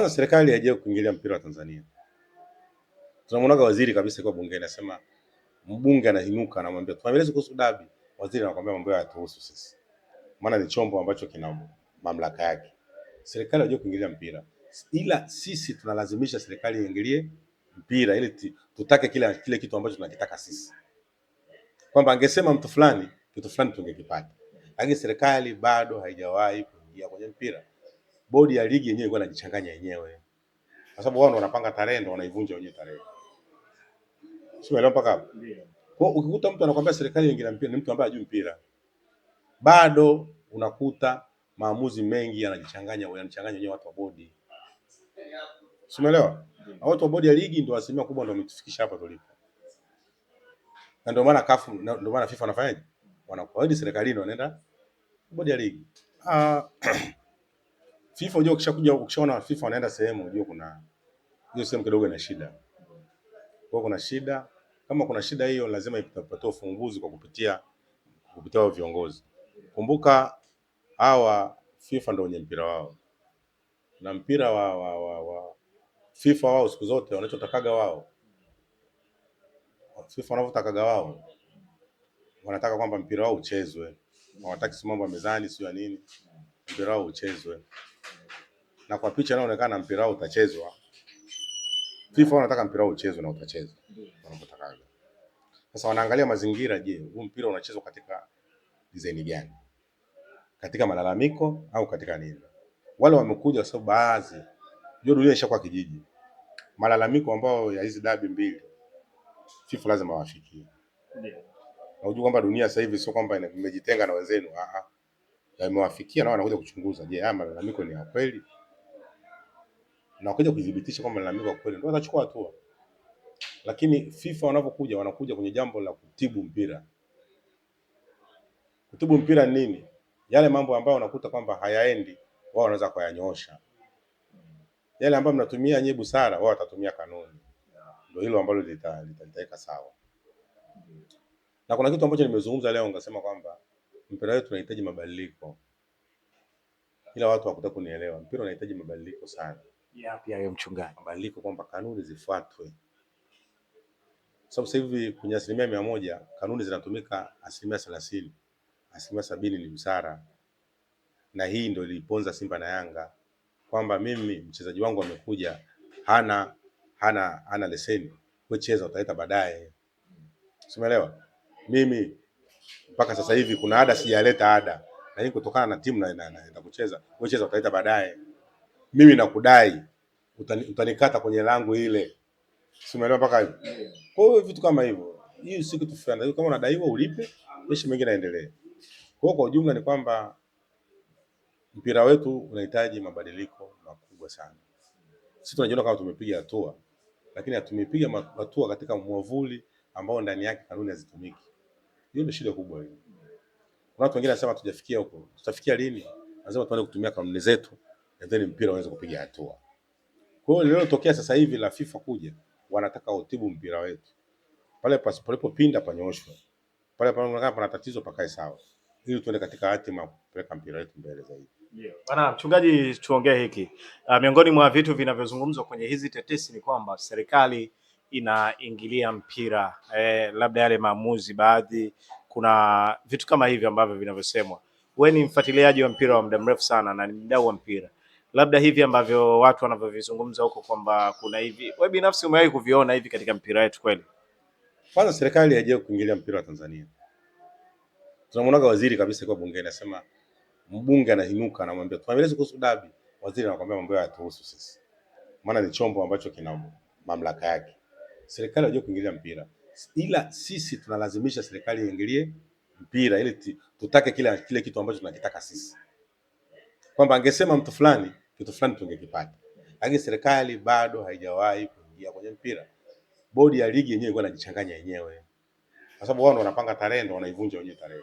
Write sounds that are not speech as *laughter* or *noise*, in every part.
Kwanza serikali haijawahi kuingilia mpira wa Tanzania. Tunamwonaga waziri kabisa kwa bunge anasema, mbunge anainuka anamwambia tunaeleza kuhusu dabi, waziri anakuambia mambo tuhusu sisi, maana ni chombo ambacho kina mamlaka yake. Serikali haijawahi kuingilia mpira, ila sisi tunalazimisha serikali iingilie mpira ili tutake kile, kile kitu ambacho tunakitaka sisi, kwamba angesema mtu fulani kitu fulani tungekipata, lakini serikali bado haijawahi kuingia kwenye mpira bodi ya ligi yenyewe ilikuwa inajichanganya yenyewe, kwa sababu wao ndo wanapanga tarehe, ndo wanaivunja wenyewe tarehe, sielewa mpaka hapo. Kwa ukikuta mtu anakuambia serikali iingilie mpira, ni mtu ambaye hajui mpira bado. Unakuta maamuzi mengi yanajichanganya, yanachanganya wenyewe watu wa bodi, sielewa watu wa bodi ya ligi ndio asilimia kubwa ndio wametufikisha hapa tulipo, na ndio maana kafu, ndio maana FIFA wanafanyaje, Wanakuwa wanakuahidi serikalini, wanaenda bodi ya ligi ah *clears throat* FIFA unajua, ukishakuja ukishaona FIFA wanaenda sehemu, unajua kuna hiyo sehemu kidogo ina shida. Kwa kuna shida, kama kuna shida hiyo lazima ipatiwe ufumbuzi kwa kupitia kupitia wa viongozi. Kumbuka hawa FIFA ndio wenye mpira wao. Na mpira wa, wa, wa, wa FIFA wao siku zote wanachotakaga wao. FIFA wanavyotakaga wao. Wanataka kwamba mpira wao uchezwe. Hawataki mambo mezani sio ya nini. Mpira wao uchezwe na kwa picha inaonekana mpira wao utachezwa. FIFA wanataka mpira wao uchezwe na utachezwa wanapotaka. Sasa wanaangalia mazingira. Je, huu mpira unachezwa katika design gani? Katika malalamiko au katika nini? Wale wamekuja kwa sababu baadhi hiyo dunia ishakuwa kijiji, malalamiko ambayo ya hizi dabi mbili FIFA lazima wafikie. Na unajua kwamba dunia sasa hivi sio kwamba imejitenga na wenzenu, a. yamewafikia na wanakuja kuchunguza, je, haya malalamiko ni ya kweli? na wakaja kudhibitisha kwamba malalamiko kweli, ndio atachukua hatua. Lakini FIFA wanapokuja wanakuja kwenye jambo la kutibu mpira. Kutibu mpira nini? Yale mambo ambayo unakuta kwamba hayaendi, wao wanaweza kuyanyosha. Yale ambayo mnatumia nyewe busara, wao watatumia kanuni. Ndio hilo ambalo litaweka sawa. Na kuna kitu ambacho nimezungumza leo ngasema kwamba mpira wetu unahitaji mabadiliko, ila watu hawakutaka kunielewa. Mpira unahitaji mabadiliko sana yapi hayo mchungaji? Mabadiliko kwamba kanuni zifuatwe, sababu sasa hivi kwenye asilimia mia moja kanuni zinatumika asilimia thelathini, asilimia sabini ni msara na hii ndio iliponza Simba na Yanga kwamba mimi mchezaji wangu amekuja hana hana hana leseni, wewe cheza, utaleta baadaye, simeelewa mimi mpaka sasa hivi kuna ada sijaleta ada, lakini kutokana na timu naenda kucheza, wewe cheza, utaleta baadaye mimi nakudai utani, utanikata kwenye lango ile, si umeelewa? Mpaka eh. kwa hiyo vitu kama hivyo, hii si kitu fulani. Kama unadaiwa ulipe, maisha mengi yaendelee. Kwa hiyo kwa ujumla ni kwamba mpira wetu unahitaji mabadiliko makubwa sana. Sisi tunajiona kama tumepiga hatua, lakini hatumepiga hatua katika mwavuli ambao ndani yake kanuni hazitumiki. Hiyo ndio shida kubwa hiyo. Kuna watu wengine wanasema tujafikia huko, tutafikia lini? Lazima tuanze kutumia kanuni zetu nadhani mpira unaweza kupiga hatua. Kwa hiyo lililotokea sasa hivi la FIFA kuja, wanataka utibu mpira wetu pale palipopinda panyoshwe, pale panaonekana pana tatizo pakae sawa, ili tuende katika hatima kupeleka mpira wetu mbele zaidi. Yeah. Bana mchungaji, tuongee hiki. Uh, miongoni mwa vitu vinavyozungumzwa kwenye hizi tetesi ni kwamba serikali inaingilia mpira eh, labda yale maamuzi baadhi, kuna vitu kama hivyo ambavyo vinavyosemwa. Wewe ni mfuatiliaji wa mpira wa muda mrefu sana na ni mdau wa mpira, labda hivi ambavyo watu wanavyovizungumza huko kwamba kuna hivi, wewe binafsi umewahi kuviona hivi katika mpira wetu kweli? Kwanza serikali haijawahi kuingilia mpira wa Tanzania. Tunamwonaga waziri kabisa kwa bungeni anasema, mbunge anainuka anamwambia tuambie kuhusu dabi, waziri anakuambia mambo hayo hayatuhusu sisi, maana ni chombo ambacho kina mamlaka yake. Serikali haijawahi kuingilia mpira, ila sisi tunalazimisha serikali iingilie mpira ili tutake kile, kile kitu ambacho tunakitaka sisi, kwamba angesema mtu fulani kitu fulani tungekipata, lakini serikali bado haijawahi kuingia kwenye mpira. Bodi ya ligi yenyewe ilikuwa inajichanganya yenyewe, kwa sababu wao ndo wanapanga tarehe, ndo wanaivunja wenyewe tarehe,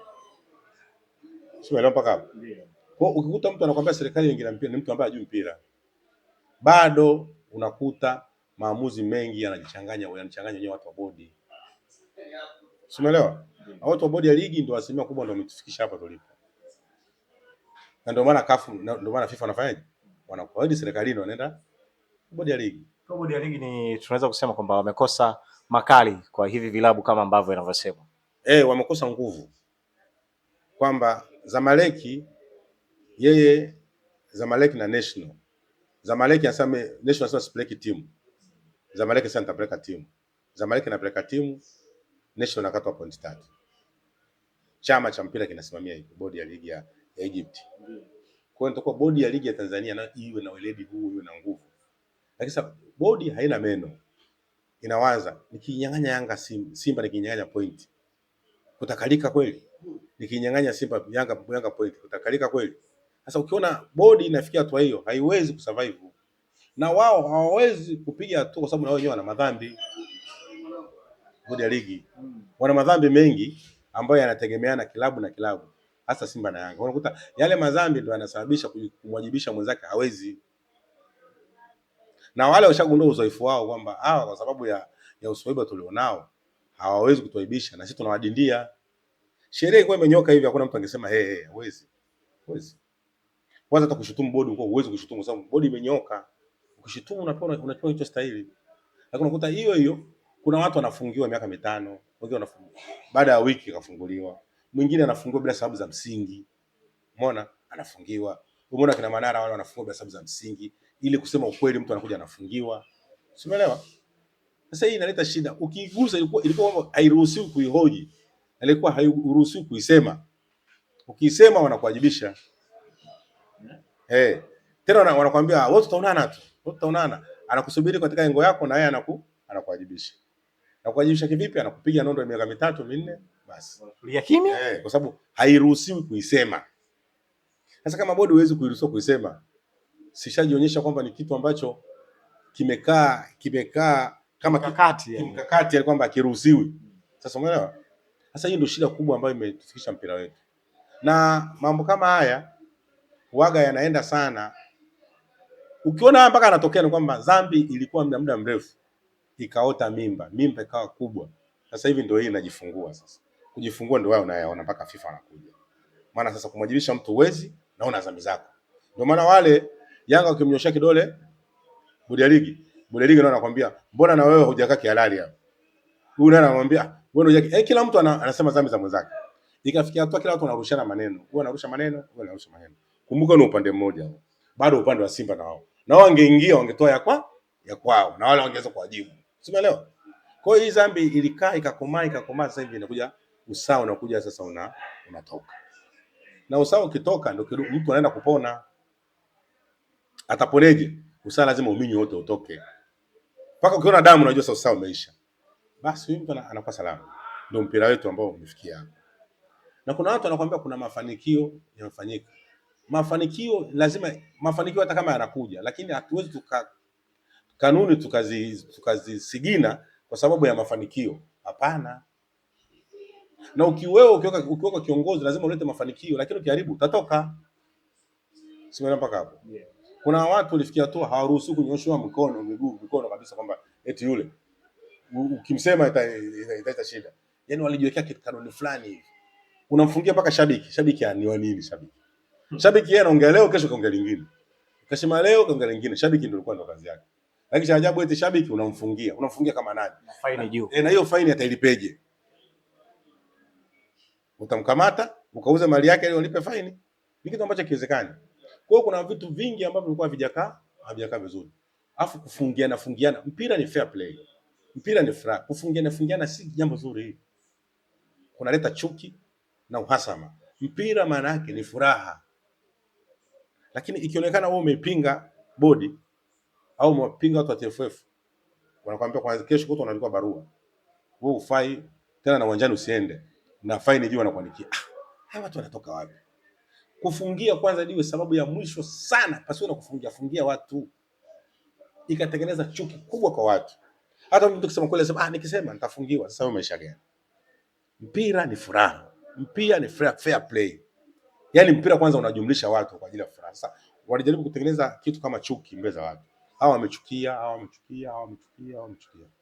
sio mpaka hapo. Kwa ukikuta mtu anakuambia serikali ingia mpira, ni mtu ambaye hajui mpira bado. Unakuta maamuzi mengi yanajichanganya, yanachanganya wenyewe watu wa bodi, Simelewa? watu wa bodi ya ligi ndio asilimia kubwa ndio wametufikisha hapa tulipo, na ndio maana kafu, ndio maana FIFA wanafanyaje wanakuwa hadi serikalini wanaenda bodi ya ligi. Kwa bodi ya ligi ni tunaweza kusema kwamba wamekosa makali kwa hivi vilabu kama ambavyo inavyosema. Eh, wamekosa nguvu kwamba Zamaleki yeye Zamaleki na National Zamaleki anasema National sasa sipeleki team. Zamaleki sasa nitapeleka team. Zamaleki anapeleka timu, National nakatwa pointi tatu. Chama cha mpira kinasimamia hiyo bodi ya ligi ya Egypt. Kwa hiyo nitakuwa bodi ya ligi ya Tanzania na iwe na weledi huu, iwe na nguvu. Lakini sasa bodi haina meno. Inawaza nikinyang'anya Yanga Simba, Simba nikinyang'anya point. Kutakalika kweli? Nikinyang'anya Simba Yanga Yanga point, kutakalika kweli? Sasa ukiona bodi inafikia hatua hiyo, haiwezi kusurvive. Na wao hawawezi kupiga hatua kwa sababu na wao wenyewe wana madhambi. Bodi ya ligi wana madhambi mengi ambayo yanategemeana kilabu na kilabu hasa Simba na Yanga. Unakuta yale madhambi ndio yanasababisha kumwajibisha mwenzake hawezi, na wale washagundua uzoefu wao kwamba hawa ah, kwa sababu ya, ya usoiba tulionao hawawezi kutuaibisha na sisi tunawadindia. Sheria ilikuwa imenyoka hivi, hakuna mtu angesema hey, hey, hawezi hawezi. Kwanza hata kushutumu bodi ulikuwa huwezi kushutumu, sababu bodi imenyoka. Ukishutumu unapewa unapewa hicho stahili, lakini unakuta hiyo hiyo kuna watu wanafungiwa miaka mitano, wengine wanafungiwa baada ya wiki kafunguliwa mwingine anafungua bila sababu za msingi, umeona anafungiwa. Umeona kina Manara wale wanafungwa bila sababu za msingi, ili kusema ukweli, mtu anakuja anafungiwa, simeelewa. Sasa hii inaleta shida, ukigusa ilikuwa ilikuwa kwamba hairuhusiwi kuihoji, ilikuwa hairuhusiwi kuisema. Ukisema wanakuwajibisha hey. Tena wanakuambia ah, wewe, tutaonana tu, wewe tutaonana. Anakusubiri katika engo yako, na yeye anaku anakuwajibisha. Anakuwajibisha kivipi? Anakupiga nondo ya miaka mitatu minne basi tulia kimya eh, kwa sababu hairuhusiwi kuisema. Sasa kama bodi huwezi kuiruhusu kuisema, sishajionyesha kwamba ni kitu ambacho kimekaa kimekaa kama mkakati, mkakati yani kwamba kiruhusiwi. Sasa umeelewa? Sasa hii ndio shida kubwa ambayo imetufikisha mpira wetu, na mambo kama haya waga yanaenda sana. Ukiona mpaka anatokea ni kwamba dhambi ilikuwa muda muda mrefu ikaota mimba, mimba ikawa kubwa, sasa hivi ndio hii inajifungua sasa kujifungua ndio wao unayaona mpaka FIFA anakuja. Maana sasa kumwajibisha mtu uwezi na una dhambi zako. Ndio maana wale Yanga ukimnyoshia kidole bodi ya ligi, bodi ya ligi ndio anakuambia mbona na wewe hujakaa kihalali hapo. Huyu ndio anamwambia wewe ndio yake. Eh, kila mtu anasema dhambi za mwenzake. Ikafikia hatua kila watu wanarushana maneno. Wewe unarusha maneno, wewe unarusha maneno. Kumbuka ni upande mmoja. Bado upande wa Simba na wao. Na wao wangeingia wangetoa ya kwa ya kwao na wale wangeweza kuwajibu. Umeelewa? Kwa hiyo hii dhambi ilikaa ikakomaa ikakomaa sasa hivi inakuja usaa unakuja sasa, una unatoka na usaa Ukitoka ndio mtu anaenda kupona. Ataponeje? usaa lazima uminyo wote utoke, mpaka ukiona damu unajua sasa usawa umeisha, basi huyu mtu anakuwa salama. Ndio mpira wetu ambao umefikia hapo, na kuna watu wanakuambia kuna mafanikio yanafanyika. Mafanikio lazima, mafanikio hata kama yanakuja, lakini hatuwezi tuka kanuni tukazisigina tukazi kwa sababu ya mafanikio, hapana na ukiwewe ukiwa ukiweka kiongozi lazima ulete mafanikio, lakini ukiharibu utatoka. Simeona mpaka hapo Kuna watu walifikia tu hawaruhusu kunyoshwa mkono, miguu, mikono kabisa kwamba eti yule ukimsema italeta shida. Yani walijiwekea kitu kanuni fulani hivi. Unamfungia mpaka shabiki. Shabiki ni wa nini shabiki? Hmm. Shabiki yeye anaongea leo, kesho kaongea lingine. Kasema leo kaongea lingine. Shabiki ndio alikuwa ndo kazi yake. Lakini cha ajabu eti shabiki unamfungia, unamfungia kama nani? Na faini juu. E, na hiyo faini atailipeje? utamkamata ukauza mali yake ili ulipe faini. Ni kitu ambacho kiwezekani. Kwa hiyo kuna vitu vingi ambavyo vilikuwa havijakaa havijakaa vizuri, afu kufungiana fungiana. Mpira ni fair play, mpira ni furaha. Kufungiana fungiana si jambo zuri, kunaleta chuki na uhasama. Mpira maana yake ni furaha, lakini ikionekana wewe umeipinga bodi au umepinga watu wa TFF, wanakuambia kwa kesho kutwa unaandikwa barua, wewe ufai tena na uwanjani usiende na faini juu Ah, Hawa watu wanatoka wapi? Kufungia kwanza diwe sababu ya mwisho sana, pasiwe na kufungia fungia watu, ikatengeneza chuki kubwa kwa watu. Hata mtu kusema kweli, anasema ah, nikisema nitafungiwa. Sasa wewe maisha gani? Mpira ni furaha, mpira ni fair, fair play. Yaani mpira kwanza unajumlisha watu kwa ajili ya furaha. Sasa walijaribu kutengeneza kitu kama chuki mbele za watu, hawa wamechukia, hawa wamechukia, hawa wamechukia, hawa wamechukia